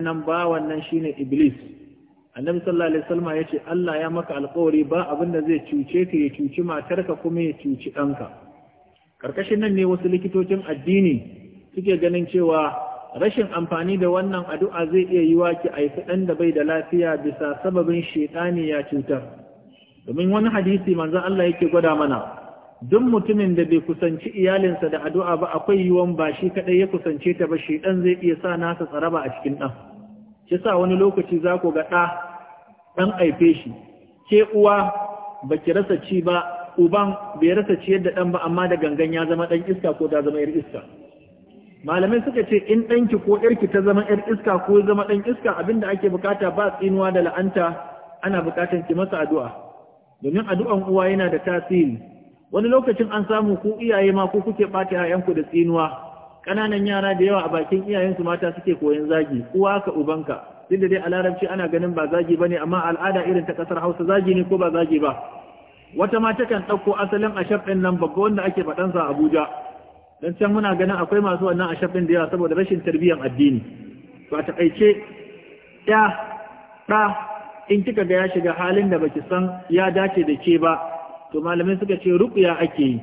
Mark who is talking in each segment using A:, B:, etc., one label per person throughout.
A: nan bawan nan shine iblis annabi sallallahu alaihi wasallam yace Allah ya maka alƙawari ba abin da zai cuce ka ya cuci matarka kuma ya cuci ɗanka karkashin nan ne wasu likitocin addini suke ganin cewa rashin amfani da wannan addu'a zai iya yiwa ki aiki ɗan da bai da lafiya bisa sababin shaitani ya cutar domin wani hadisi manzon Allah yake gwada mana duk mutumin da bai kusanci iyalinsa da addu'a ba akwai yiwuwan ba shi kaɗai ya kusance ta ba shaitan zai iya sa nasa tsaraba a cikin ɗan shi sa wani lokaci za ku ga ɗa ɗan aife shi ke uwa ba ki rasa ci ba uban bai rasa ci yadda ɗan ba amma da gangan ya zama ɗan iska ko ta zama yar iska malamai suka ce in ɗanki ko 'yarki ta zama yar iska ko zama ɗan iska abinda ake bukata ba tsinuwa da la'anta ana bukatar ki masa addu'a domin addu'an uwa yana da tasiri wani lokacin an samu ku iyaye ma ko kuke ɓata 'ya'yanku da tsinuwa ƙananan yara da yawa a bakin iyayensu mata suke koyon zagi uwa ka ubanka duk dai a larabci ana ganin ba zagi bane amma al'ada irin ta kasar Hausa zagi ne ko ba zagi ba wata mata kan ɗauko asalin a ɗin nan babba wanda ake faɗansa a Abuja dan can muna ganin akwai masu wannan a shafin da yawa saboda rashin tarbiyyar addini to a takaice ya ɗa in kika ga ya shiga halin da baki san ya dace da ke ba to malamai suka ce ruqya ake yi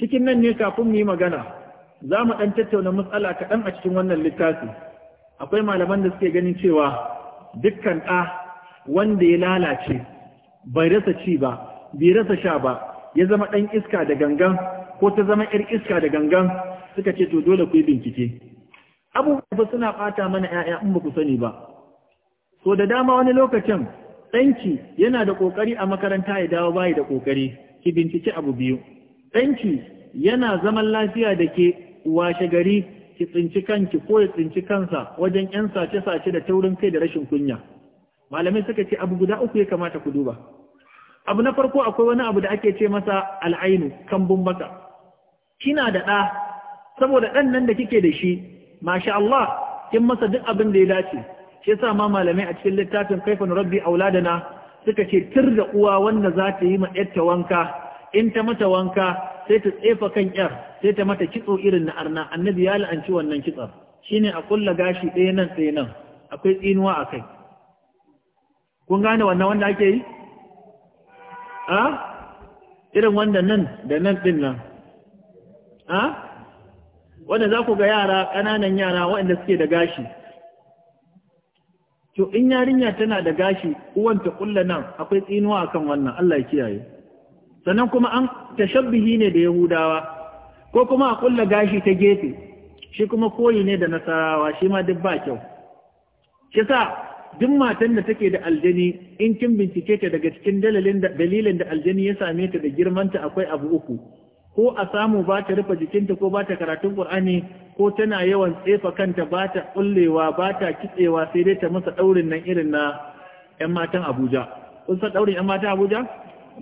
A: cikin nan ne kafin mu yi magana za mu ɗan tattauna matsala kaɗan a cikin wannan littafi akwai malaman da suke ganin cewa dukkan ɗa wanda ya lalace bai rasa ci ba bai rasa sha ba ya zama ɗan iska da gangan ko ta zama ‘yar iska da gangan suka ce to dole ku yi bincike abubuwa suna ɓata mana ‘ya'ya in ba ku sani ba so da dama wani lokacin ɗanki yana da ƙoƙari a makaranta ya dawo bayi da ƙoƙari ki bincike abu biyu ɗanki yana zaman lafiya da ke washe gari ki tsinci kanki ko ya tsinci kansa wajen ‘yan sace-sace da taurin kai da rashin kunya. Malamai suka ce abu guda uku ya kamata ku duba. Abu na farko akwai wani abu da ake ce masa al'ainu, kambun baka. Kina da ɗa, saboda ɗan nan da kike da shi, masha Allah, kin masa duk abin da ya dace. Shi yasa ma malamai a cikin littafin kaifan rabbi auladana suka ce tir da uwa wanda za ta yi ma ‘yarta wanka in ta mata wanka sai ta tsefa kan yar sai ta mata kitso irin na arna annabi ya la'anci wannan kitsar shine a kulla gashi ɗaya nan ɗaya nan akwai tsinuwa a kai kun gane wannan wanda ake yi a irin wanda nan da nan ɗin nan a wanda za ku ga yara ƙananan yara waɗanda suke da gashi to in yarinya tana da gashi uwanta kulla nan akwai tsinuwa akan wannan Allah ya kiyaye sannan kuma an tashabbihi ne da yahudawa ko kuma a kulla gashi ta gefe shi kuma koyi ne da nasarawa shi ma duk ba kyau shi sa duk matan da take da aljani in kin bincike ta daga cikin dalilin da aljani ya same ta da girmanta akwai abu uku ko a samu ba ta rufe jikinta ko ba ta karatun ƙur'ani ko tana yawan tsefa kanta ba ta kullewa ba ta kitsewa sai dai ta masa daurin nan irin na ƴan matan Abuja kun san daurin ƴan matan Abuja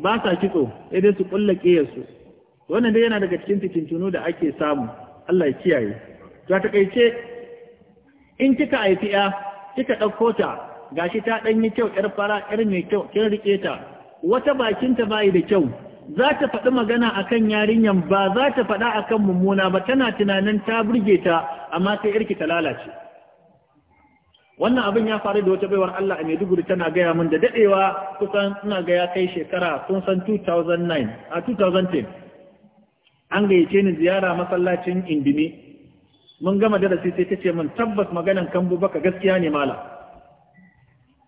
A: ba sa kitso idan su kulla kiyarsu wannan dai yana daga cikin fitintunu da ake samu Allah ya kiyaye ta takaice in kika haifi ya kika ɗauko ta gashi ta ɗan yi kyau 'yar fara 'yar mai kyau kin rike ta wata bakinta bayi da kyau za ta faɗi magana akan yarinyan ba za ta faɗa akan mummuna ba tana tunanin ta burge ta amma sai irki ta lalace wannan abin ya faru da wata baiwar Allah a Maiduguri tana gaya min da dadewa kusan ina gaya kai shekara kun san 2009 a 2010 an gayyace ni ziyara masallacin Indimi mun gama darasi sai ta ce min tabbas maganan kambu baka gaskiya ne mala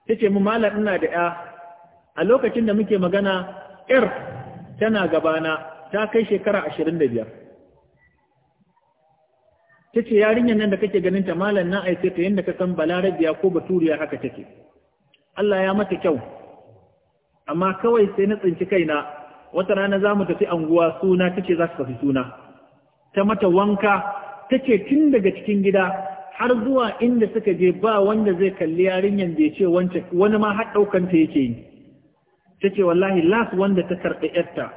A: tace min mala ina da ya a lokacin da muke magana ir tana gabana ta kai shekara 25 ta ce yarinyar nan da kake ganin ta malam na aice ta yadda ka san balarabiya ko baturiya haka take Allah ya mata kyau amma kawai sai na tsinci kaina wata rana za mu tafi anguwa suna ta ce za su tafi suna ta mata wanka ta ce tun daga cikin gida har zuwa inda suka je ba wanda zai kalli yarinyar da ya ce wani ma har ɗaukanta yake yi ta ce wallahi las wanda ta karɓi yarta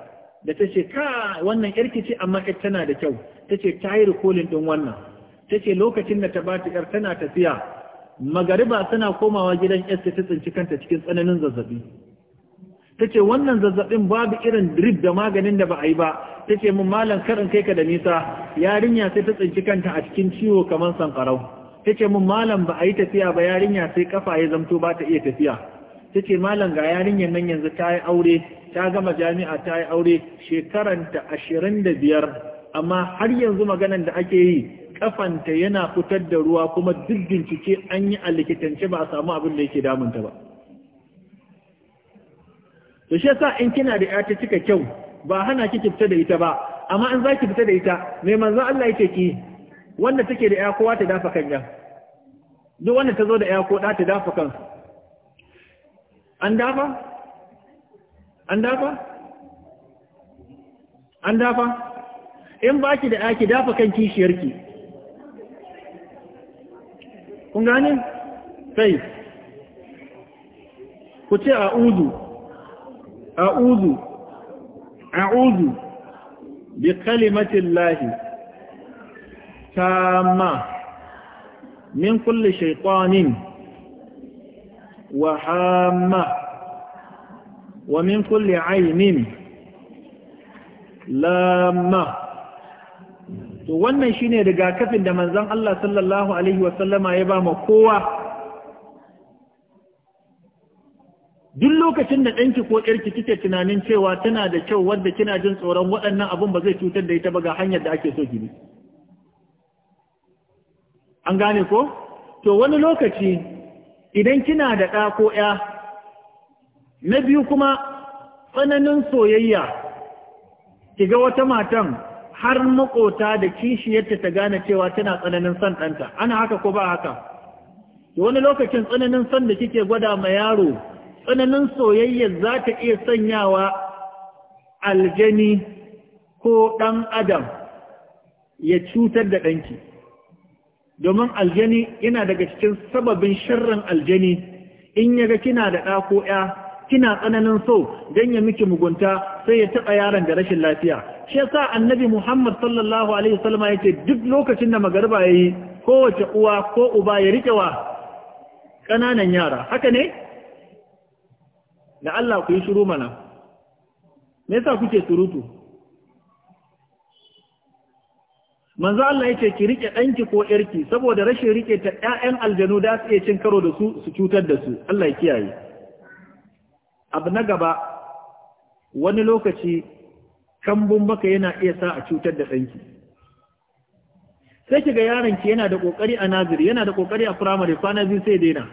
A: da ta ce ka wannan yarki ce amma ita tana da kyau ta ce ta yi rikolin ɗin wannan ta ce lokacin da ta bata yar tana tafiya magariba tana komawa gidan yar ta tsinci kanta cikin tsananin zazzabi ta ce wannan zazzabin babu irin drip da maganin da ba a yi ba ta ce mun malam karin kai ka da nisa yarinya sai ta tsinci kanta a cikin ciwo kamar sankarau ta ce mun malam ba a yi tafiya ba yarinya sai kafa ya zamto ba ta iya tafiya ta ce malam ga yarinyar nan yanzu ta yi aure ta gama jami'a ta yi aure shekaranta ashirin da biyar amma har yanzu maganan da ake yi kafanta yana fitar da ruwa kuma duk bincike an yi a likitance ba a samu abin da yake damunta ba to shi yasa in kina da ta kika kyau ba hana kiki fita da ita ba amma an zaki fita da ita mai manzo Allah yake ki wanda take da ƴa kowa ta dafa kanya duk wanda ta zo da ƴa ko da ta dafa kansa an dafa an dafa an dafa in ba ki da aki dafa kan kishiyarki kun gane sai ku ce a uzu a uzu a uzu bi kalimatin lahi ta ma min kulle shaikonin وحامة ومن كل عين لامة to wannan shine rigakafin da manzon Allah sallallahu alaihi wasallama ya ba ma kowa duk lokacin da ɗanki ko ƴarki kike tunanin cewa tana da kyau wadda kina jin tsoron waɗannan abun ba zai cutar da ita ba ga hanyar da ake so ki bi an gane ko to wani lokaci idan kina da ɗa ko ‘ya, na biyu kuma tsananin soyayya, ki ga wata matan har makota da kishiyarta ta gane cewa tana tsananin son ɗanta, ana haka ko ba haka. Wani lokacin tsananin son da kike gwada ma yaro, tsananin soyayya za ta iya sanyawa aljani ko ɗan adam ya cutar da ɗanki. domin aljani yana daga cikin sababin sharrin aljani in yaga kina da ɗa ko ya kina tsananin so don ya miki mugunta sai ya taɓa yaron da rashin lafiya shi yasa annabi muhammad sallallahu alaihi wasallama duk lokacin da magarba yayi kowace uwa ko uba ya rike wa ƙananan yara haka ne da Allah ku yi shiru mana me yasa kuke surutu manzo Allah yace ki rike danki ko yarki saboda rashin rike ta ƴaƴan aljanu da su cin karo da su su cutar da su Allah ya kiyaye abu na gaba wani lokaci kambun baka yana iya sa a cutar da danki sai kiga yaron ki yana da kokari a naziri yana da kokari a primary kwana biyu sai daina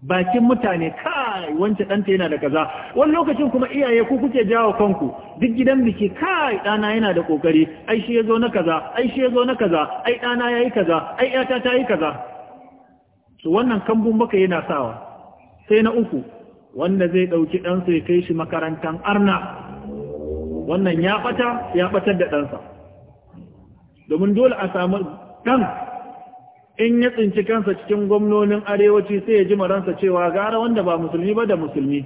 A: bakin mutane kai wancan ɗanta yana da kaza wani lokacin kuma iyaye ku kuke jawo kanku duk gidan biki kai ɗana yana da ƙoƙari ai shi ya zo na kaza ai shi ya zo na kaza ai ɗana ya yi kaza ai ƴata ta yi kaza su wannan kambun baka yana sawa sai na uku wanda zai ɗauki ɗansa ya kai shi makarantar arna wannan ya ɓata ya ɓatar da ɗansa domin dole a samu ɗan in ya tsinci kansa cikin gwamnonin arewaci sai ya ji maransa cewa gara wanda ba musulmi ba da musulmi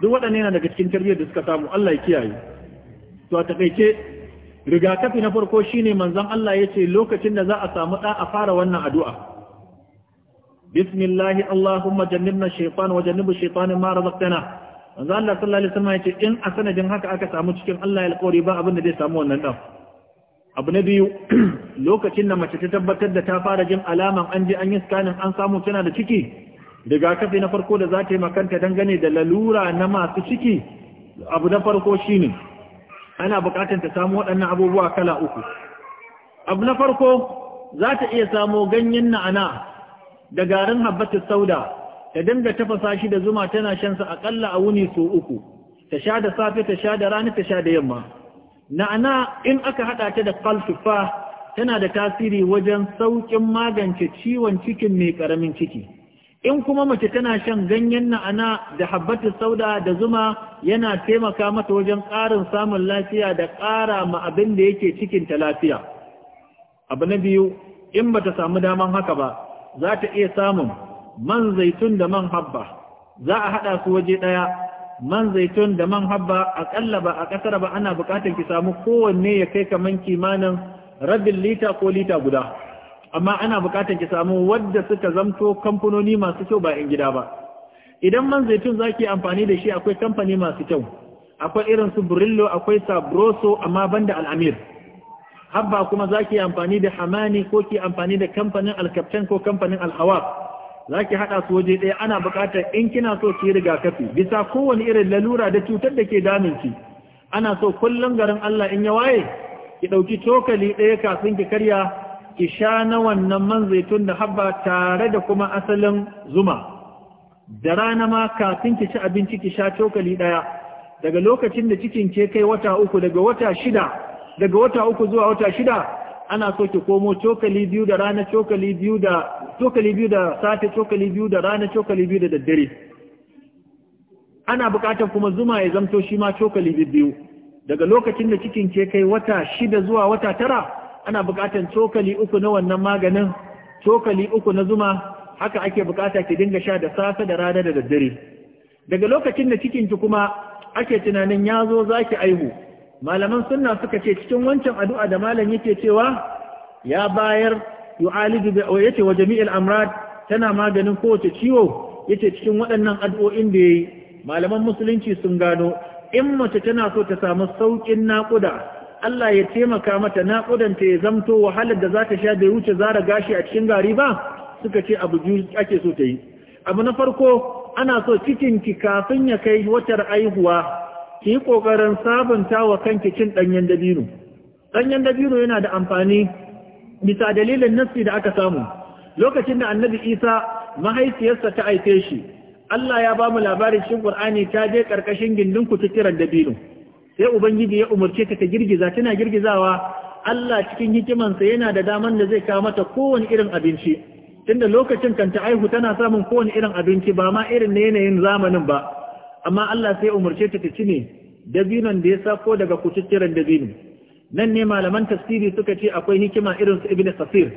A: duk waɗanne na daga cikin tarbiyyar da suka samu Allah ya kiyaye to a takaice rigakafi na farko shine manzon Allah ya ce lokacin da za a samu ɗa a fara wannan addu'a bismillahi allahumma jannibna shaytan wa jannibu shaytan ma razaqtana manzon Allah sallallahu alaihi wasallam ya ce in a sanadin haka aka samu cikin Allah ya alƙawari ba abin da zai samu wannan dan abu na biyu lokacin da mace ta tabbatar da ta fara jin alaman an ji an yi scanning an samu tana da ciki daga rigakafi na farko da za ta yi makanta dangane da lalura na masu ciki abu na farko shi ne. ana bukatar ta samu waɗannan abubuwa kala uku abu na farko za ta iya samo ganyen na'ana da garin habbatar sauda ta dinga tafasa shi da zuma tana shansa aƙalla a wuni su uku ta sha da safe ta sha da rani, ta sha da yamma na'ana in aka haɗa ta da kaltufa tana da tasiri wajen saukin magance ciwon cikin mai ƙaramin ciki in kuma mace tana shan ganyen na'ana da habbatus sauda da zuma yana taimaka mata wajen ƙarin samun lafiya da ƙara ma abin da yake cikin ta lafiya abu na biyu in ba ta samu daman haka ba za ta iya samun man zaitun da man habba za a hada su waje ɗaya. man zaitun da man habba akalla ba a kasar ba ana bukatar ki samu kowanne ya kai kaman kimanin rabin lita ko lita guda amma ana bukatar ki samu wadda suka zamto kamfanoni masu kyau ba in gida ba idan man zaitun zaki amfani da shi akwai kamfani masu kyau akwai irin su Brillo akwai Sabroso amma banda Al'amir habba kuma zaki amfani da Hamani ko ki amfani da kamfanin Alkaptan ko kamfanin Alhawa za ki haɗa su waje ɗaya ana buƙatar in kina so ki rigakafi bisa kowane irin lalura da cutar da ke daminki ana so kullum garin Allah in ya waye ki ɗauki cokali ɗaya kafin ki karya ki sha na wannan man zaitun da habba tare da kuma asalin zuma da rana ma kafin ki ci abinci ki sha cokali ɗaya daga lokacin da cikin ke kai wata uku daga wata shida daga wata uku zuwa wata shida ana so ki komo cokali biyu da rana cokali biyu da cokali biyu da safe cokali biyu da rana cokali biyu da daddare ana bukatar kuma zuma ya zamto shi ma cokali biyu daga lokacin da cikin ke kai wata shida zuwa wata tara ana buƙatar cokali uku na wannan maganin cokali uku na zuma haka ake bukata ki dinga sha da safe da rana da daddare daga lokacin da cikin ki kuma ake tunanin ya zo za ki aihu malaman sunna suka ce cikin wancan addu'a da malam yake cewa ya bayar yu'alidu bi yace wa jami'il amrad tana maganin kowace ciwo yace cikin waɗannan addu'o'in da yayi malaman musulunci sun gano in mace tana so ta samu saukin naƙuda Allah ya taimaka mata naƙudan ta ya zamto wahalar da za ta sha da wuce zara gashi a cikin gari ba suka ce abu biyu ake so ta yi abu na farko ana so cikin ki kafin ya kai watar aihuwa ki yi ƙoƙarin sabunta wa kanki cin ɗanyen dabino ɗanyen dabino yana da amfani bisa dalilin nassi da aka samu lokacin da annabi isa mahaifiyarsa ta aike shi Allah ya ba mu labarin cikin Qur'ani ta je karkashin gindin ku kututturan dabino sai ubangiji ya umarce ta ta girgiza tana girgizawa Allah cikin hikimansa yana da daman da zai kawo mata kowane irin abinci tunda lokacin kan ta aihu tana samun kowane irin abinci ba ma irin na yanayin zamanin ba amma Allah sai umarce ta ci ne dabinon da ya sako daga kututturan dabino nan ne malaman tafsiri suka ce akwai hikima irin su ibnu safir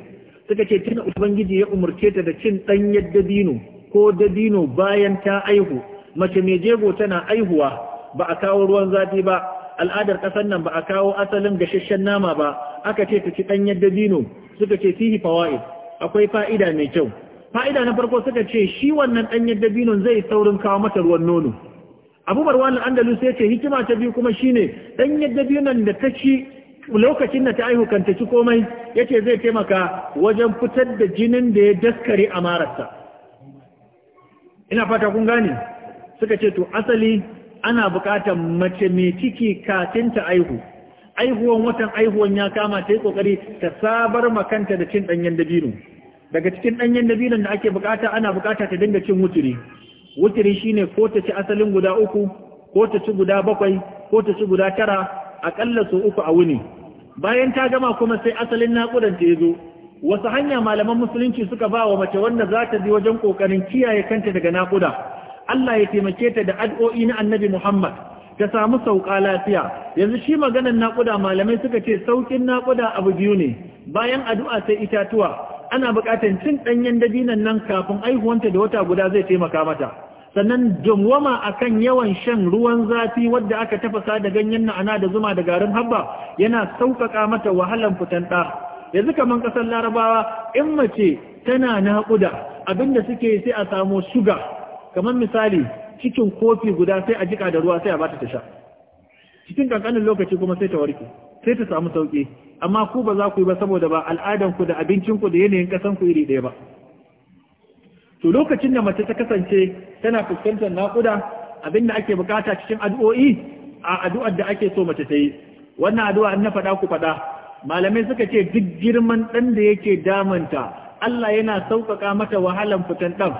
A: suka ce tun ubangiji ya umarce ta da cin ɗanyen dabino ko dabino bayan ta aihu mace mai jego tana aihuwa ba a kawo ruwan zafi ba al'adar kasar nan ba a kawo asalin gasasshen nama ba aka ce ta ci ɗanyen dabino suka ce fihi fawa'id akwai fa'ida mai kyau fa'ida na farko suka ce shi wannan ɗanyen dabinon zai saurin kawo mata ruwan nono abu barwan andalus ya ce hikima ta biyu kuma shine dan yadda biyu nan da ta lokacin da ta aihu kan ci komai yace zai taimaka wajen fitar da jinin da ya daskare a mararsa ina fata kun gane suka ce to asali ana buƙatar mace mai ciki kafin ta aihu aihuwan watan aihuwan ya kama ta yi kokari ta sabar makanta da cin danyen dabino daga cikin ɗanyen dabinon da ake bukata ana bukata ta dinga cin wuturi wutiri shine ko ta ci asalin guda uku ko ta ci guda bakwai ko ta ci guda tara aƙalla sau uku a wuni bayan ta gama kuma sai asalin naƙudan ta ya zo wasu hanya malaman musulunci suka ba wa mace wanda za ta je wajen ƙoƙarin kiyaye kanta daga naƙuda Allah ya taimake ta da addu'o'i na Annabi Muhammad ta samu sauƙa lafiya yanzu shi maganar naƙuda malamai suka ce sauƙin naƙuda abu biyu ne bayan addu'a sai itatuwa ana buƙatar cin ɗanyen dabinan nan kafin aihuwanta da wata guda zai taimaka mata sannan jumwama akan yawan shan ruwan zafi wadda aka tafasa da ganyen na'ana da zuma da garin habba yana sauƙaƙa mata wahalan fitan ɗa yanzu kaman ƙasar larabawa in mace tana naƙuda abinda suke sai a samo suga kaman misali cikin kofi guda sai a jika da ruwa sai a bata ta sha cikin kankanin lokaci kuma sai ta warke sai ta samu sauƙi. amma ku ba za ku yi ba saboda ba al'adar ku da abincin ku da yanayin ƙasanku ku iri ɗaya ba to lokacin da mace ta kasance tana fuskantar naƙuda abinda ake bukata cikin addu'o'i a addu'ar da ake so mace ta yi wannan addu'a an na faɗa ku faɗa malamai suka ce duk girman ɗan da yake damanta Allah yana sauƙaƙa mata wahalan fitan ɗan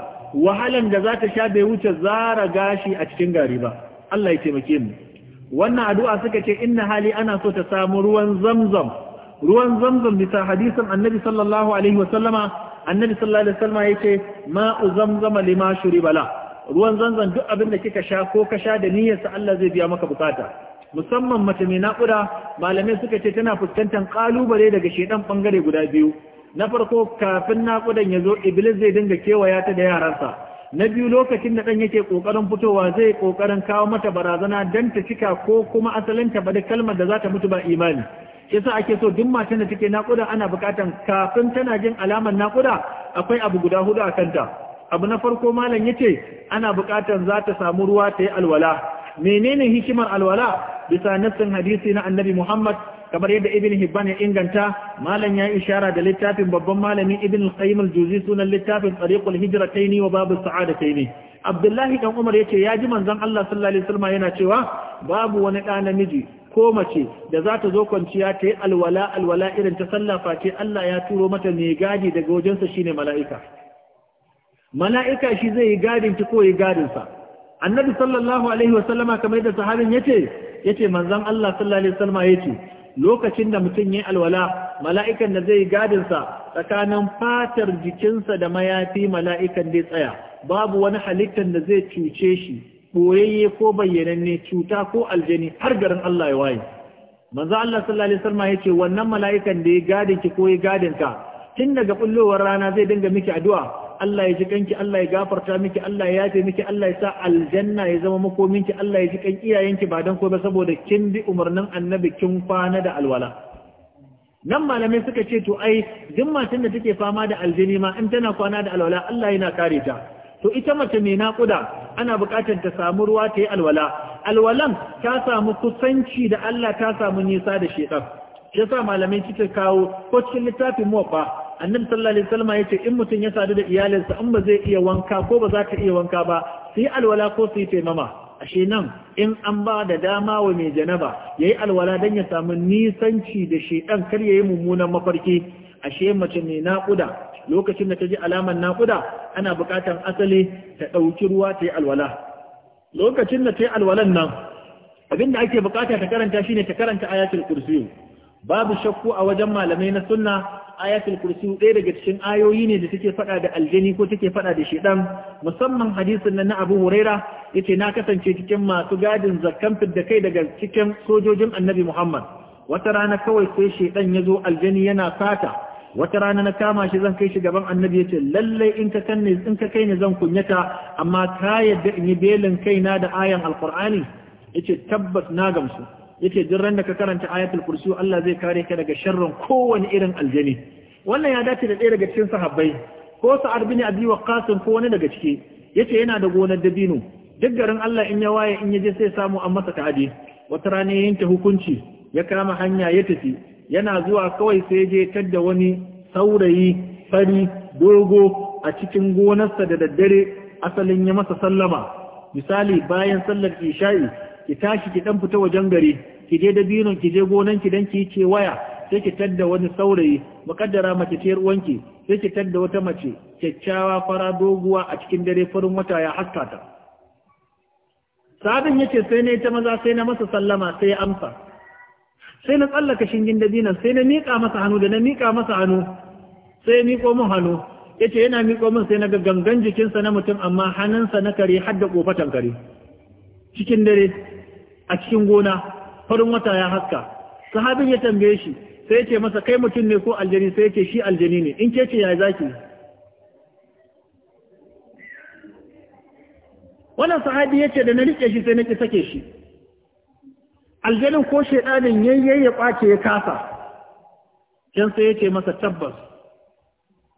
A: wahalan da za ta sha bai wuce zara gashi a cikin gari ba Allah ya taimake mu wannan addu'a suka ce inna hali ana so ta samu ruwan zamzam ruwan zamzam bisa hadisin annabi sallallahu alaihi wa sallama, annabi sallallahu alaihi wasallama yace ma'u zamzama lima shuribala ruwan zamzam duk abin da kika sha ko ka sha da niyyar sa Allah zai biya maka bukata musamman mace mai naƙuda malamai suka ce tana fuskantar kalubale daga shedan bangare guda biyu na farko kafin naƙudan ya zo iblis zai dinga kewaya ta da yaransa na biyu lokacin da ɗan yake ƙoƙarin fitowa zai ƙoƙarin kawo mata barazana don ta cika ko kuma asalin ta bada kalmar da za ta mutu ba imani yasa ake so duk matan da take naƙuda ana buƙatan kafin tana jin alamar naƙuda akwai abu guda hudu a kanta abu na farko malam yace ana buƙatan za ta samu ruwa ta yi alwala menene hikimar alwala bisa nassin hadisi na annabi Muhammad kamar yadda ibn hibban ya inganta malam ya yi ishara da littafin babban malamin ibn al-qayyim al-juzi sunan littafin tariqul hijratayn wa babu ne. abdullahi dan umar yace ya ji manzon Allah sallallahu alaihi wasallam yana cewa babu wani da namiji ko mace da za ta zo kwanciya ta yi alwala alwala irin ta sallafa ce Allah ya turo mata mai gadi daga wajensa shine mala'ika mala'ika shi zai yi gadin ki ko yi gadin sa annabi sallallahu alaihi wasallama kamar da sahabin yace yace manzon Allah sallallahu alaihi wasallama yace lokacin da mutum ya alwala mala'ikan da zai gadinsa tsakanin fatar jikinsa da mayafi mala'ikan dai tsaya babu wani halittar da zai cuce shi ɓoyayye ko bayyananne cuta ko aljani har garin Allah ya waye manzo Allah sallallahu alaihi wasallam yace wannan mala'ikan da ya gadin ki ko ya gadin ka tun daga bullowar rana zai dinga miki addu'a Allah ya ji kanki Allah ya gafarta miki Allah ya yafe miki Allah ya sa aljanna ya zama makominki Allah ya ji kan iyayenki ba dan ko ba saboda kin bi umarnin annabi kin kwana da alwala nan malamai suka ce to ai duk matan da take fama da aljini ma in tana kwana da alwala Allah yana kare ta to ita mace mai naƙuda ana buƙatar ta samu ruwa ta yi alwala alwalan ta samu kusanci da Allah ta samu nisa da Ya yasa malamai suka kawo ko cikin littafin muwaffa annabi sallallahu alaihi wasallam yace in mutum ya sadu da iyalinsa in ba zai iya wanka ko ba za ta iya wanka ba su alwala ko su yi taimama ashe nan in an ba da dama wa mai janaba yayi alwala dan ya samu nisanci da shedan kar yayi mummunan mafarki ashe mace mai naƙuda lokacin da ta ji alamar naƙuda ana buƙatar asali ta ɗauki ruwa ta yi alwala lokacin da ta yi alwalan nan abinda ake buƙata ta karanta shine ta karanta ayatul kursiyu babu shakku a wajen malamai na sunna ayatul kursi ɗaya daga cikin ayoyi ne da take faɗa da aljani ko take faɗa da shedan musamman hadisin nan na Abu Huraira yace na kasance cikin masu gadin zakkan da kai daga cikin sojojin Annabi Muhammad wata rana kawai sai shedan zo aljani yana fata wata rana na kama shi zan kai shi gaban Annabi yace lallai in ka kanne in ka kai ni zan kunyata amma ka yadda in yi belin kaina da ayan alqur'ani yace tabbas na gamsu yace duk ran da ka karanta ayatul kursi Allah zai kare ka daga sharrin kowane irin aljani wannan ya dace da ɗaya daga cikin sahabbai ko sa'ad bin abi waqqas ko wani daga ciki yace yana da gonar dabino duk garin Allah in ya waye in ya je sai samu an masa ta'adi wata rana yayin ta hukunci ya kama hanya ya tafi yana zuwa kawai sai je tadda wani saurayi fari dogo a cikin gonarsa da daddare asalin ya masa sallama misali bayan sallar isha'i ki tashi ki dan fita wajen gari ki je binon ki je gonan ki dan ki ce waya sai ki tadda wani saurayi makaddara mace ce ruwanki sai ki tadda wata mace kyakkyawa fara doguwa a cikin dare farin wata ya haska ta sabin yace sai ne ta maza sai na masa sallama sai ya amsa sai na tsallaka shingin binan sai na miƙa masa hannu da na miƙa masa hannu sai miko miƙo min hannu yace yana miƙo min sai na ga gangan jikinsa na mutum amma hannunsa na kare har da ƙofatan kare cikin dare a cikin gona farin wata ya haska sahabin ya tambaye shi sai ya ce masa kai mutum ne ko aljani sai ya ce shi aljani ne in ke ce ya zaki wannan sahabi ya ce da na riƙe shi sai na sake shi aljanin ko shaidanin yayye ya kwace ya kasa can sai ya ce masa tabbas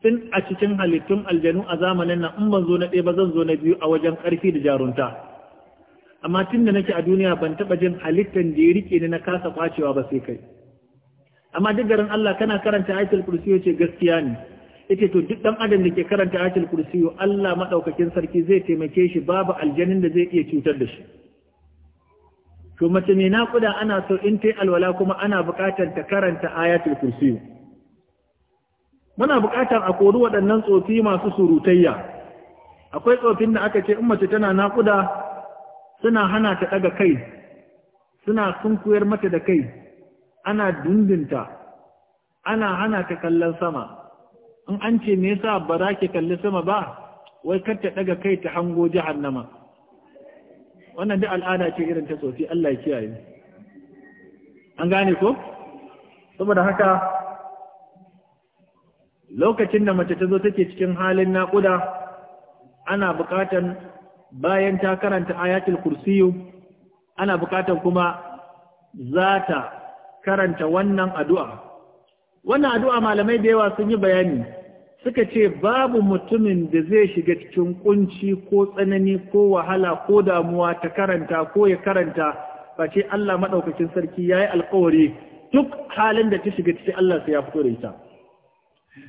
A: tun a cikin halittun aljanu a zamanin nan in ban zo na ɗaya ba zan zo na biyu a wajen ƙarfi da jarunta amma tun da nake a duniya ban taɓa jin halittan da ya rike ni na kasa kwacewa ba sai kai amma duk garin Allah kana karanta ayatul kursi ce gaskiya ne yace to duk dan adam da ke karanta ayatul kursi Allah madaukakin sarki zai taimake shi babu aljannin da zai iya cutar da shi to mace mai naƙuda ana so in ta alwala kuma ana buƙatar ta karanta ayatul kursi muna buƙatar a kori waɗannan tsofi masu surutayya akwai tsofin da aka ce in mace tana nakuda suna hana ta ɗaga kai suna sunkuyar mata da kai ana dundunta ana hana ta kallon sama in an ce me yasa ba za ki kalli sama ba wai kar ta ɗaga kai ta hango jahannama wannan duk al'ada ce irin ta sofi Allah ya kiyaye an gane ko saboda haka lokacin da mace ta zo take cikin halin naƙuda ana buƙatar. bayan ta karanta ayatul kursiyu ana bukatar kuma za ta karanta wannan addu'a wannan addu'a malamai da yawa sun yi bayani suka ce babu mutumin da zai shiga cikin kunci ko tsanani ko wahala ko damuwa ta karanta ko ya karanta ba Allah maɗaukacin sarki ya yi alkawari duk halin da ta shiga cikin Allah sai ya fito da ita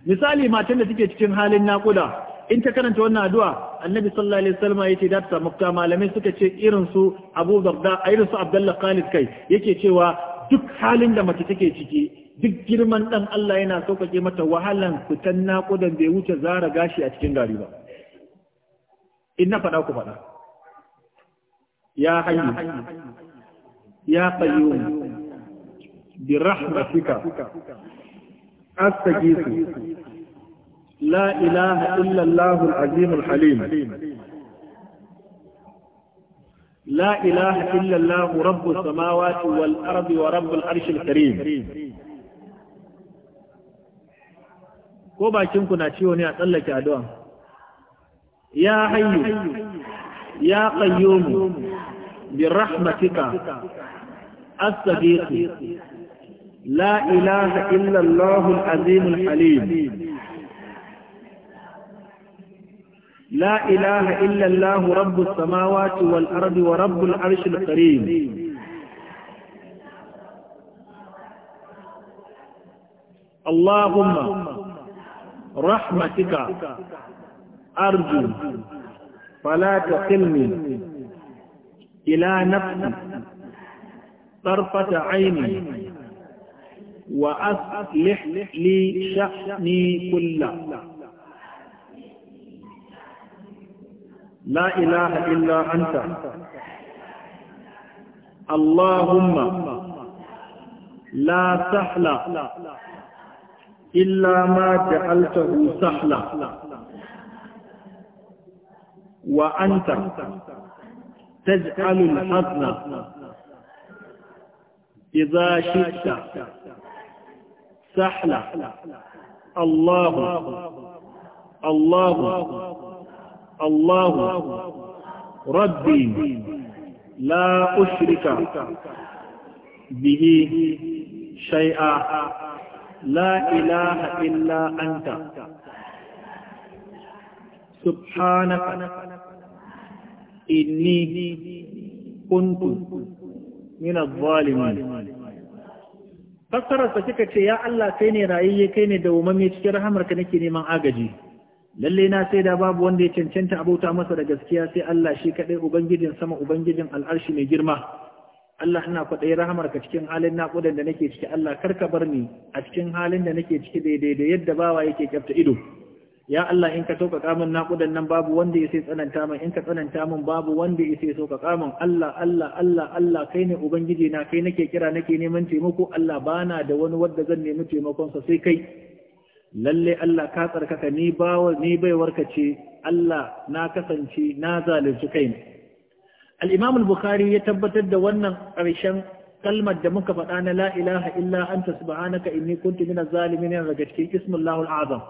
A: misali matan da take cikin halin naƙuda in ta karanta wannan addu'a annabi sallallahu alaihi wasallam yace da ta mukta malamai suka ce irin su Abu Darda irin su Abdullah Khalid kai yake cewa duk halin da mace take ciki duk girman dan Allah yana sauƙaƙe mata wahalan fitan naƙudan bai wuce zara gashi a cikin gari ba in na faɗa ku faɗa ya hayyu ya qayyum bi rahmatika astaghfiruka لا إله إلا الله العظيم الحليم لا إله إلا الله رب السماوات والأرض ورب العرش الكريم كوبا شنكنا شيوني أتلك أدوا يا حي يا قيوم برحمتك الصديق لا إله إلا الله العظيم الحليم. لا إله إلا الله رب السماوات والأرض ورب العرش الكريم اللهم رحمتك أرجو فلا تقلني إلى نفسي طرفة عيني وأصلح لي شأني كله لا إله إلا أنت اللهم لا سهل إلا ما جعلته سهلا وأنت
B: تجعل الحزن
A: إذا شئت سهلا الله الله الله ربي لا أشرك به شيئا لا إله إلا أنت سبحانك إني كنت من الظالمين fassararsa kika ce ya Allah kai ne rayayye kai ne da umami cikin rahamarka nake neman agaji lalle na sai da babu wanda ya cancanta abauta masa da gaskiya sai Allah shi kaɗai ubangijin sama ubangijin al'arshi mai girma Allah ina kwaɗayi rahamar ka cikin halin naƙudan da nake ciki Allah kar ka bar ni a cikin halin da nake ciki daidai da yadda bawa yake kyafta ido ya Allah in ka sauƙaƙa min naƙudan nan babu wanda ya sai tsananta min in ka tsananta min babu wanda ya sai sauƙaƙa min Allah Allah Allah Allah kai ne ubangiji na kai nake kira nake neman taimako Allah bana da wani wanda zan nemi taimakon sa sai kai lalle Allah ka tsarkaka ni bawa ni baiwarka ce Allah na kasance na zalunci ne al-Imam al-Bukhari ya tabbatar da wannan karshen kalmar da muka faɗa na la ilaha illa anta subhanaka inni kuntu minaz zalimin daga cikin ismullahul azam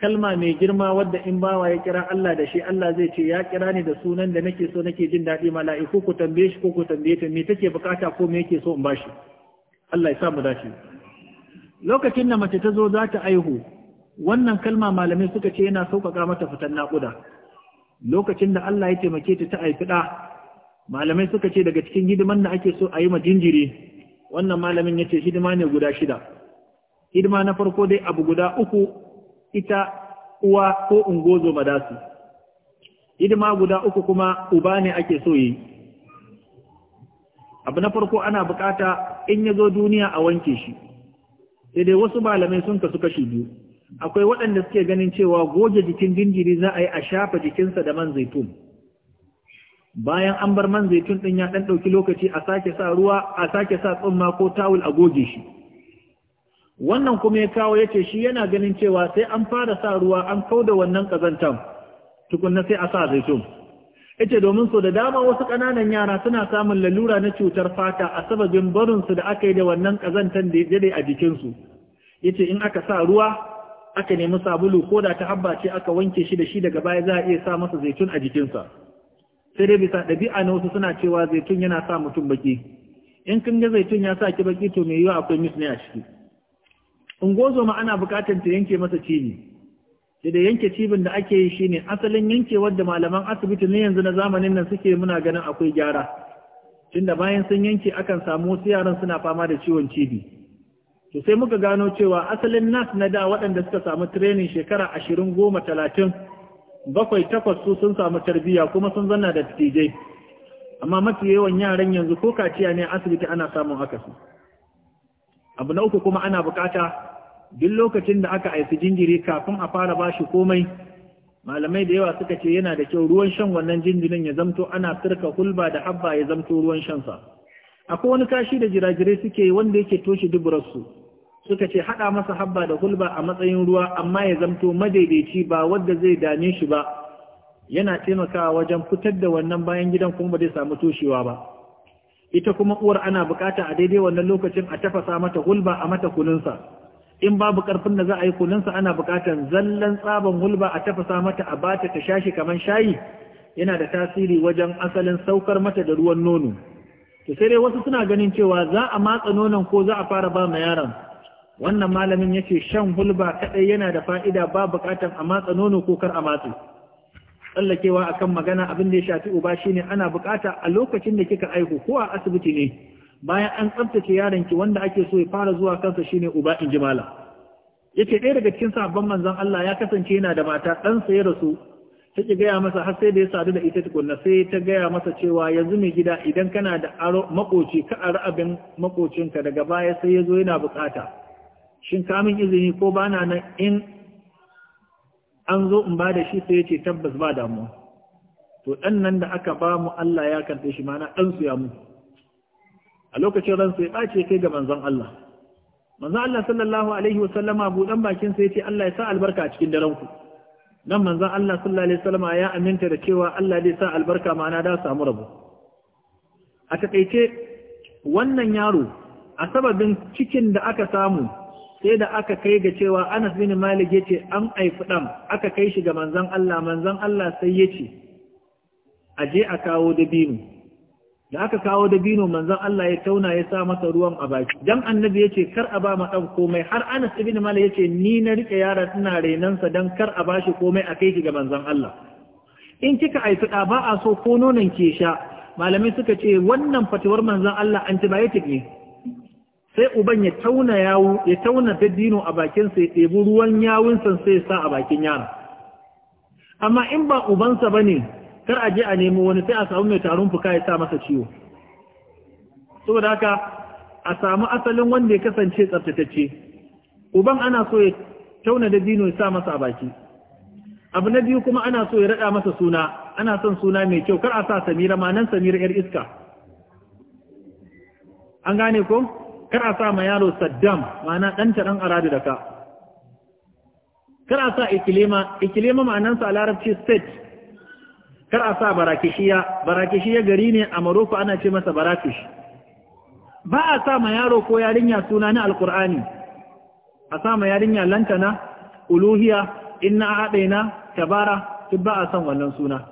A: kalma mai girma wadda in bawa ya kira Allah da shi Allah zai ce ya kira ni da sunan da nake so nake jin daɗi mala'iku ku tambaye shi ko ku tambaye ta me take bukata ko me yake so in bashi Allah ya sa mu dace lokacin da mace ta zo za ta aihu wannan kalma malamai suka ce yana sauƙaƙa mata fitan naƙuda lokacin da Allah ya taimake ta ta haifi ɗa malamai suka ce daga cikin hidiman da ake so a yi ma jinjiri wannan malamin ya ce hidima ne guda shida hidima na farko dai abu guda uku ita uwa ko ungozo ba da hidima guda uku kuma uba ne ake so yi abu na farko ana bukata in ya zo duniya a wanke shi sai dai wasu malamai sun kasu kashi biyu akwai waɗanda suke ganin cewa goge jikin jinjiri za a yi a shafa jikinsa da man zaitun bayan an bar man zaitun ɗin ya ɗan ɗauki lokaci a sake sa ruwa a sake sa tsumma ko tawul a goge shi wannan kuma ya kawo ya ce shi yana ganin cewa sai an fara sa ruwa an kau da wannan ƙazantan tukunna sai a sa zaitun yace domin so da dama wasu ƙananan yara suna samun lalura na cutar fata a sababin barinsu da aka yi da wannan ƙazantar da ya a jikinsu yace in aka sa ruwa aka nemi sabulu ko da ta habba ce aka wanke shi da shi daga baya za a iya sa masa zaitun a jikinsa sai dai bisa ɗabi'a na wasu suna cewa zaitun yana sa mutum baki in kin ga zaitun ya sa ki baki to me yiwa akwai mis ne a ciki ungozo ma ana buƙatar ta yanke masa cini da da yanke cibin da ake yi shine asalin yanke wadda malaman asibiti ne yanzu na zamanin nan suke muna ganin akwai gyara tunda bayan sun yanke akan samu wasu yaran suna fama da ciwon cibi to sai muka gano cewa asalin nas na da waɗanda suka samu training shekara ashirin goma talatin bakwai takwas su sun samu tarbiyya kuma sun zanna da dattijai amma mafi yawan yaran yanzu ko kaciya ne asibiti ana samun haka su abu na uku kuma ana bukata duk lokacin da aka aiki jinjiri kafin a fara bashi komai malamai da yawa suka ce yana da kyau ruwan shan wannan jinjirin ya zamto ana sirka hulba da habba ya zamto ruwan shansa akwai wani kashi da jirajirai suke wanda yake toshe duburarsu suka ce haɗa masa habba da hulba a matsayin ruwa amma ya zamto madaidaici ba wadda zai dame shi ba yana taimakawa wajen fitar da wannan bayan gidan kuma ba zai samu toshewa ba ita kuma uwar ana bukata a daidai wannan lokacin a tafasa mata hulba a mata sa in babu karfin da za a yi kununsa ana bukatar zallan tsaban hulba a tafasa mata a bata ta shashi kamar shayi yana da tasiri wajen asalin saukar mata da ruwan nono to sai dai wasu suna ganin cewa za a matsa nonon ko za a fara ba ma yaron wannan malamin yace shan hulba kaɗai yana da fa'ida ba bukatar a matsa nono ko kar a matsa tsallakewa akan magana abin da ya shafi uba shine ana bukata a lokacin da kika aihu ko a asibiti ne bayan an tsabtace yaron ki wanda ake so ya fara zuwa kansa shine uba in ji mala yace ɗaya daga cikin sabon manzon Allah ya kasance yana da mata Dan ɗansa ya rasu ta ki gaya masa har sai da ya sadu da ita tukunna sai ta gaya masa cewa yanzu mai gida idan kana da aro makoci ka ara abin makocinka daga baya sai ya zo yana bukata shin ka min izini ko ba na nan in an zo in ba da shi sai yace tabbas ba damuwa to dan nan da aka ba mu Allah ya kanta shi mana su ya mutu a lokacin ransa ya ɓace kai ga manzon Allah manzon Allah sallallahu alaihi wa sallama buɗan bakin sa ce Allah ya sa albarka a cikin daren ku nan manzon Allah sallallahu alaihi wa ya aminta da cewa Allah zai sa albarka ma'ana da samu rabo a takaice wannan yaro a sababin cikin da aka samu sai da aka kai ga cewa Anas bin Malik yace an aifi ɗan, aka kai shi ga manzon Allah manzon Allah sai yace aje a kawo dabinu da aka kawo dabino manzon Allah ya tauna ya sa masa ruwan a baki dan annabi yace kar a ba ma dan komai har Anas ibn Malik yace ni na rike yaran ina sa dan kar a ba shi komai a kai shi ga manzon Allah in kika aifi da ba a so ko nonon ke sha malamai suka ce wannan fatuwar manzon Allah antibiotic ne sai uban ya tauna yawo ya tauna dabino a bakin sa ya ɗebi ruwan yawun sai sa a bakin yaron amma in ba ubansa bane kar a je a nemo wani sai a samu mai tarin fuka ya sa masa ciwo saboda haka a samu asalin wanda ya kasance tsaftatacce uban ana so ya tauna da dino ya sa masa a baki abu na biyu kuma ana so ya rada masa suna ana son suna mai kyau kar a sa samira ma nan samira yar iska an gane ko kar a sa ma yaro saddam ma'ana dan ta aradu da ka kar a sa ikilema ikilema ma'anansa a larabci state kar a sa barakishiya barakishiya gari ne a maroko ana ce masa barakish ba a sa ma yaro ko yarinya suna na alkur'ani a sa ma yarinya lantana uluhiya inna adaina tabara duk ba a san wannan suna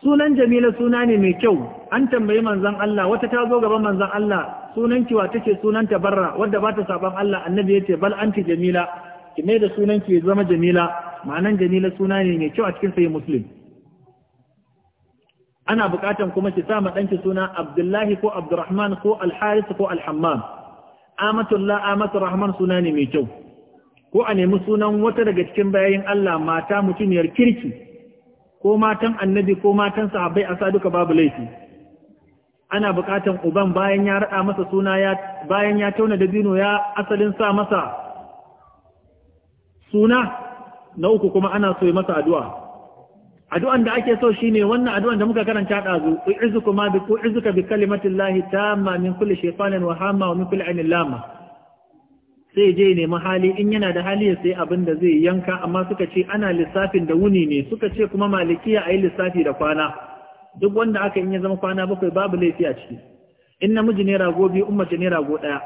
A: sunan jamila suna ne mai kyau an tambayi manzon Allah wata ta zo gaban manzon Allah sunan kiwa ce sunan tabarra wadda ba ta saban Allah annabi yace bal anti jamila ki mai da sunan ki zama jamila ma'anan jamila suna ne mai kyau a cikin sahih muslim ana bukatan kuma ki sa ma ɗanki suna Abdullahi ko Abdurrahman ko al ko Al-Hammam Amatullah Amatur Rahman suna ne mai kyau ko a nemi sunan wata daga cikin bayayin Allah mata mutumiyar kirki ko matan annabi ko matan sahabbai a saduka babu laifi ana bukatan uban bayan ya raɗa masa suna ya bayan ya tauna dabino ya asalin sa masa suna na uku kuma ana so masa addu'a addu'an da ake so shine wannan addu'an da muka karanta dazu u'izuka ma bi u'izuka bi llahi tamma min kulli shaytanin wa hamma wa min kulli ayni lama sai je ne mahali in yana da hali sai abin da zai yanka amma suka ce ana lissafin da wuni ne suka ce kuma malikiya ayi lissafi da kwana duk wanda aka in ya zama kwana bakwai babu laifi a ciki in namiji ne rago biyu ummace ne rago daya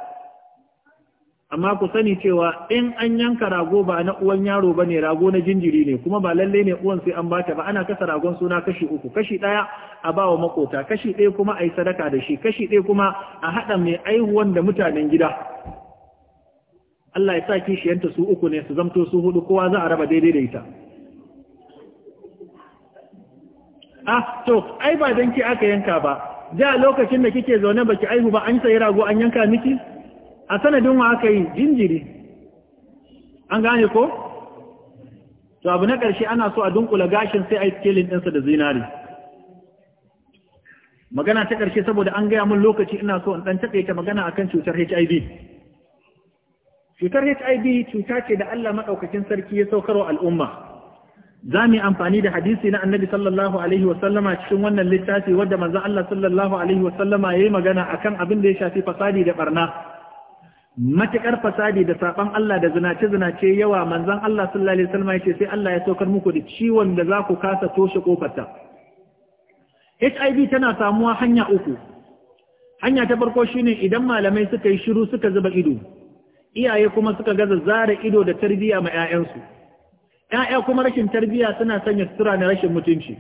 A: amma ku sani cewa in an yanka rago ba na uwan yaro ba ne rago na jinjiri ne kuma ba lalle ne uwan sai an bata ba ana kasa ragon suna kashi uku kashi ɗaya a ba wa makota kashi ɗaya kuma a yi sadaka da shi kashi ɗaya kuma a haɗa mai aihuwan da mutanen gida Allah ya sa kishiyanta su uku ne su zamto su hudu kowa za a raba daidai da ita ah to ai ba ki aka yanka ba da lokacin da kike zaune baki aihu ba an sayi rago an yanka miki a sanadin wa aka yi jinjiri an gane ko to abu na ƙarshe ana so a dunkula gashin sai a yi scaling ɗinsa da zinari magana ta ƙarshe saboda an gaya mun lokaci ina so in ɗan ta magana akan cutar HIV cutar HIV cuta ce da Allah maɗaukakin sarki ya saukarwa al'umma za mu yi amfani da hadisi na annabi sallallahu alaihi wasallama cikin wannan littafi wadda manzo Allah sallallahu alaihi wasallama yayi magana akan abin da ya shafi fasadi da barna matakar fasadi da saɓan Allah da zinace-zinace yawa manzan Allah sallallahu Alaihi wasallam ya ce sai Allah ya saukar muku da ciwon da za ku kasa toshe ƙofarta. HIV tana samuwa hanya uku. Hanya ta farko shine idan malamai suka yi shiru suka zuba ido, iyaye kuma suka gaza zara ido da tarbiyya ma 'ya'yansu. 'Ya'ya kuma rashin tarbiyya suna sanya sutura na rashin mutunci.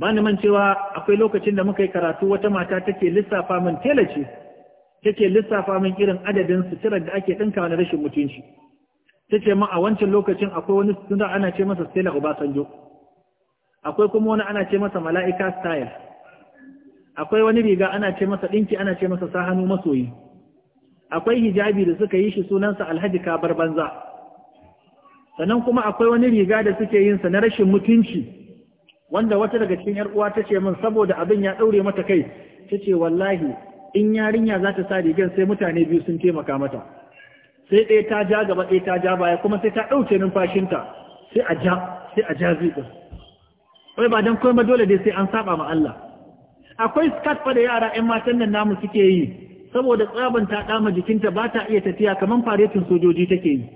A: Ba man cewa akwai lokacin da muka yi karatu wata mata take lissafa min telace. take lissafa min irin adadin suturar da ake ɗinka na rashin mutunci take ma a wancan lokacin akwai wani sutura ana ce masa Stella Obasanjo akwai kuma wani ana ce masa Mala'ika style akwai wani riga ana ce masa ɗinki ana ce masa sa hannu masoyi akwai hijabi da suka yi shi sunansa Alhaji Kabar Banza sannan kuma akwai wani riga da suke yin sa na rashin mutunci wanda wata daga cikin yar uwa tace min saboda abin ya daure mata kai tace wallahi in yarinya za ta sa rigar sai mutane biyu sun taimaka mata sai ɗaya ta ja gaba ɗaya ta ja baya kuma sai ta ɗauke numfashinta sai a ja sai a ja wai ba don kuma dole dai sai an saba ma Allah akwai skat fa da yara 'yan matan nan namu suke yi saboda tsaban ta dama jikinta ba ta iya tafiya kamar faretin sojoji take yi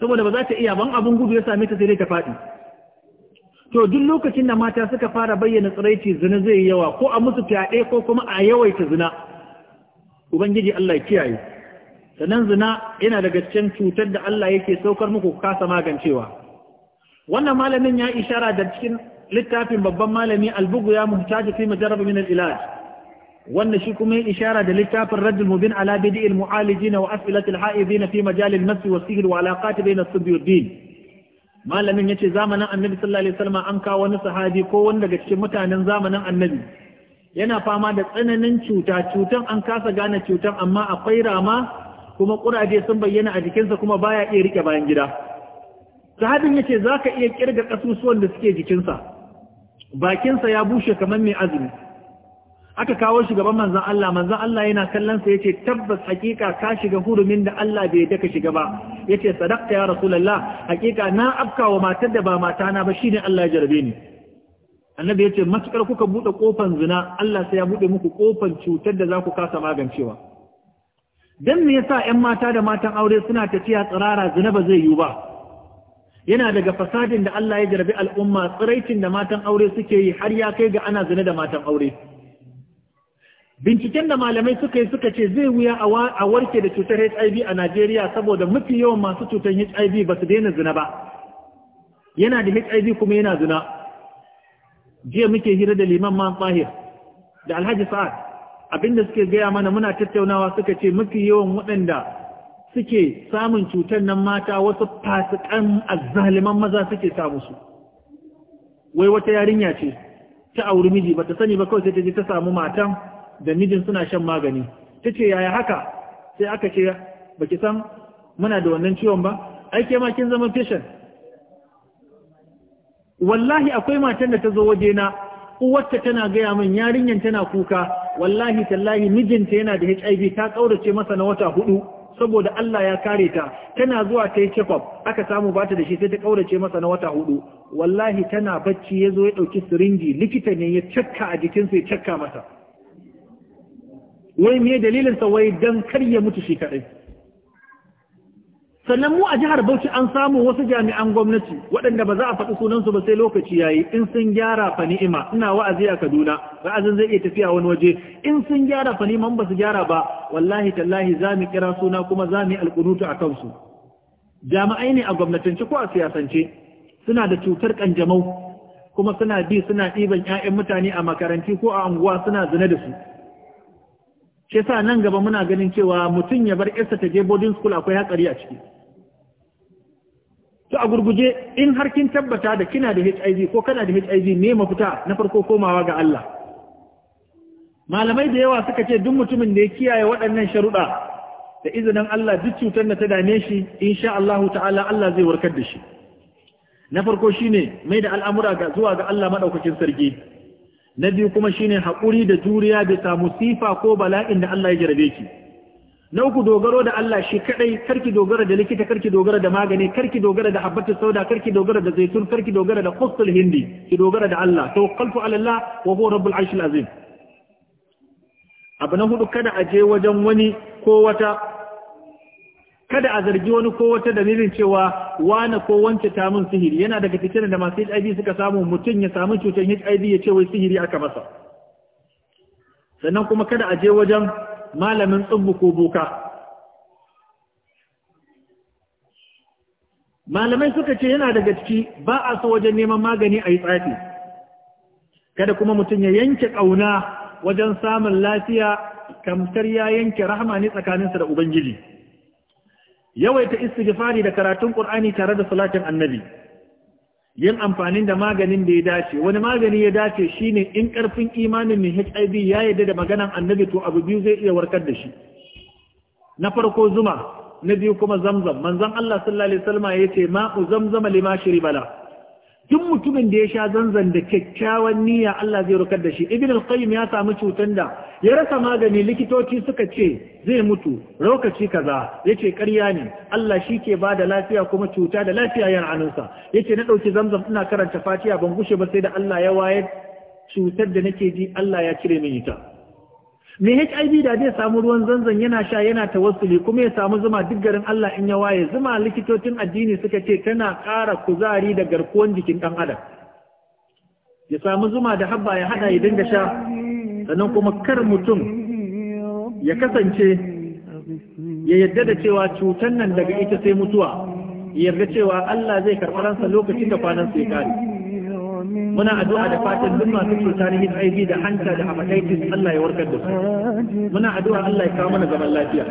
A: saboda ba za ta iya ban abun gudu ya same ta sai dai ta faɗi to duk lokacin da mata suka fara bayyana tsiraici zina zai yi yawa ko a musu fyaɗe ko kuma a yawaita zina ubangiji Allah kiyaye sannan zina yana daga cikin cutar da Allah yake saukar muku kasa magancewa wannan malamin ya ishara da cikin littafin babban malami albugu ya muhtaji fi majaraba min al-ilaj wannan shi kuma ya ishara da littafin raddul mubin ala bidi'il mu'alijina wa as'ilatil ha'izina fi majalil nafsi wa sihr wa alaqati bayna as-subbi wad-din malamin ce zamanin annabi sallallahu alaihi wasallam an kawo wani sahabi ko wani daga cikin mutanen zamanin annabi yana fama da tsananin cuta cutan an kasa gane cutan amma akwai rama kuma kuraje sun bayyana a jikinsa kuma baya iya rike bayan gida sahabin yace zaka iya kirga kasusuwan da suke jikinsa bakinsa ya bushe kamar mai azumi aka kawo shi gaban manzon Allah manzon Allah yana kallon sa yace tabbas hakika ka shiga hurumin da Allah bai daka shiga ba yace sadaqta ya rasulullah hakika na afkawa matar da ba mata na ba shine Allah ya jarbe ni annabi yace matukar kuka bude kofan zina Allah sai ya bude muku kofan cutar da zaku kasa magancewa dan me yasa ƴan mata da matan aure suna tafiya tsirara zina ba zai yiwu ba yana daga fasadin da Allah ya jarabi al'umma tsiraicin da matan aure suke yi har ya kai ga ana zina da matan aure binciken da malamai suka yi suka ce zai wuya a warke da cutar HIV a Najeriya saboda mafi yawan masu cutar HIV ba su daina zina ba yana da HIV kuma yana zina jiya muke hira da liman man fahir da alhaji sa'ad abinda suke gaya mana muna tattaunawa suka ce mafi yawan waɗanda suke samun cutar nan mata wasu fasikan azzaliman maza suke samu su wai wata yarinya ce ta auri miji ba ta sani ba kawai sai ta je ta samu matan da mijin suna shan magani ta ce yaya haka sai aka ce baki san muna da wannan ciwon ba aike ma kin zama patient wallahi akwai matan da ta zo waje na uwarta tana gaya min yarinyan tana kuka wallahi tallahi mijinta yana da HIV ta kaurace masa na wata hudu saboda Allah ya kare ta tana zuwa ta yi check-up aka samu bata da shi sai ta kaurace masa na wata hudu wallahi tana bacci ya zo ya ɗauki sirinji likita ne ya cakka a jikinsa ya cakka masa wai me dalilin sa wai dan kar ya mutu shi kaɗai? sannan mu a jihar Bauchi an samu wasu jami'an gwamnati waɗanda ba za a faɗi sunansu ba sai lokaci yayi in sun gyara fa ni'ima ina wa'azi a Kaduna wa'azin zai iya tafiya wani waje in sun gyara fa ni'ima ba su gyara ba wallahi tallahi za mu kira suna kuma za mu yi alƙunutu a kansu jami'ai ne a gwamnatance ko a siyasance suna da cutar kanjamau kuma suna bi suna ɗiban 'ya'yan mutane a makaranti ko a unguwa suna zina da su shi yasa nan gaba muna ganin cewa mutum ya bar yarsa ta je boarding school akwai hatsari a ciki to a gurguje in har kin tabbata da kina da HIV ko kana da HIV ne mafita na farko komawa ga Allah malamai da yawa suka ce duk mutumin da ya kiyaye waɗannan sharuɗa da izinin Allah duk cutar da ta dame shi insha Allah ta'ala Allah zai warkar da shi na farko shine mai da al'amura ga zuwa ga Allah madaukakin sarki na biyu kuma shine hakuri da juriya bisa musifa ko bala'in da Allah ya jarabe ki na uku dogaro da Allah shi kadai karki dogara da likita karki dogara da magani karki dogara da habbatu sauda karki dogara da zaitun karki dogara da qustul hindi ki dogara da Allah tawakkaltu ala Allah wa huwa rabbul arshil azim abu na hudu kada a je wajen wani ko wata kada a zargi wani ko wata dalilin cewa wani ko wance ta mun sihiri yana daga cikin da masu HIV suka samu mutum ya samu cutar HIV ya ce wai sihiri aka masa sannan kuma kada a je wajen malamin tsubbu ko boka malamai suka ce yana daga ciki ba a so wajen neman magani a yi tsafi kada kuma mutum ya yanke ƙauna wajen samun lafiya kamtar ya yanke rahama ne tsakaninsa da ubangiji yawaita istighfari da karatun Qur'ani tare da salatin annabi yin amfani da maganin da ya dace wani magani ya dace shine in karfin imanin mai HIV ya yadda da maganan annabi to abu biyu zai iya warkar da shi na farko zuma na biyu kuma zamzam manzon Allah sallallahu alaihi wasallam yace ma'u zamzama lima bala. duk mutumin da ya sha zanzan da kyakkyawan niyya Allah zai warkar da shi ibn al-qayyim ya samu cutar da ya rasa magani likitoci suka ce zai mutu lokaci kaza yace ƙarya ne Allah shi ke ba da lafiya kuma cuta da lafiya yan anunsa yace na ɗauki zamzam ina karanta fatiha ban gushe ba sai da Allah ya waye cutar da nake ji Allah ya cire min ita me HIV da zai samu ruwan zanzan yana sha yana tawassuli kuma ya samu zuma duk garin Allah in ya waye zuma likitocin addini suka ce tana ƙara kuzari da garkuwan jikin dan adam ya samu zuma da habba ya hada ya dinga sha sannan kuma kar mutum ya kasance ya yarda da cewa cutan nan daga ita sai mutuwa ya yarda cewa Allah zai karɓi ransa lokacin da kwanan sai kare muna addu'a da fatan duk masu cuta na HIV da hanta da hepatitis Allah ya warkar da su muna addu'a Allah ya kawo mana zaman lafiya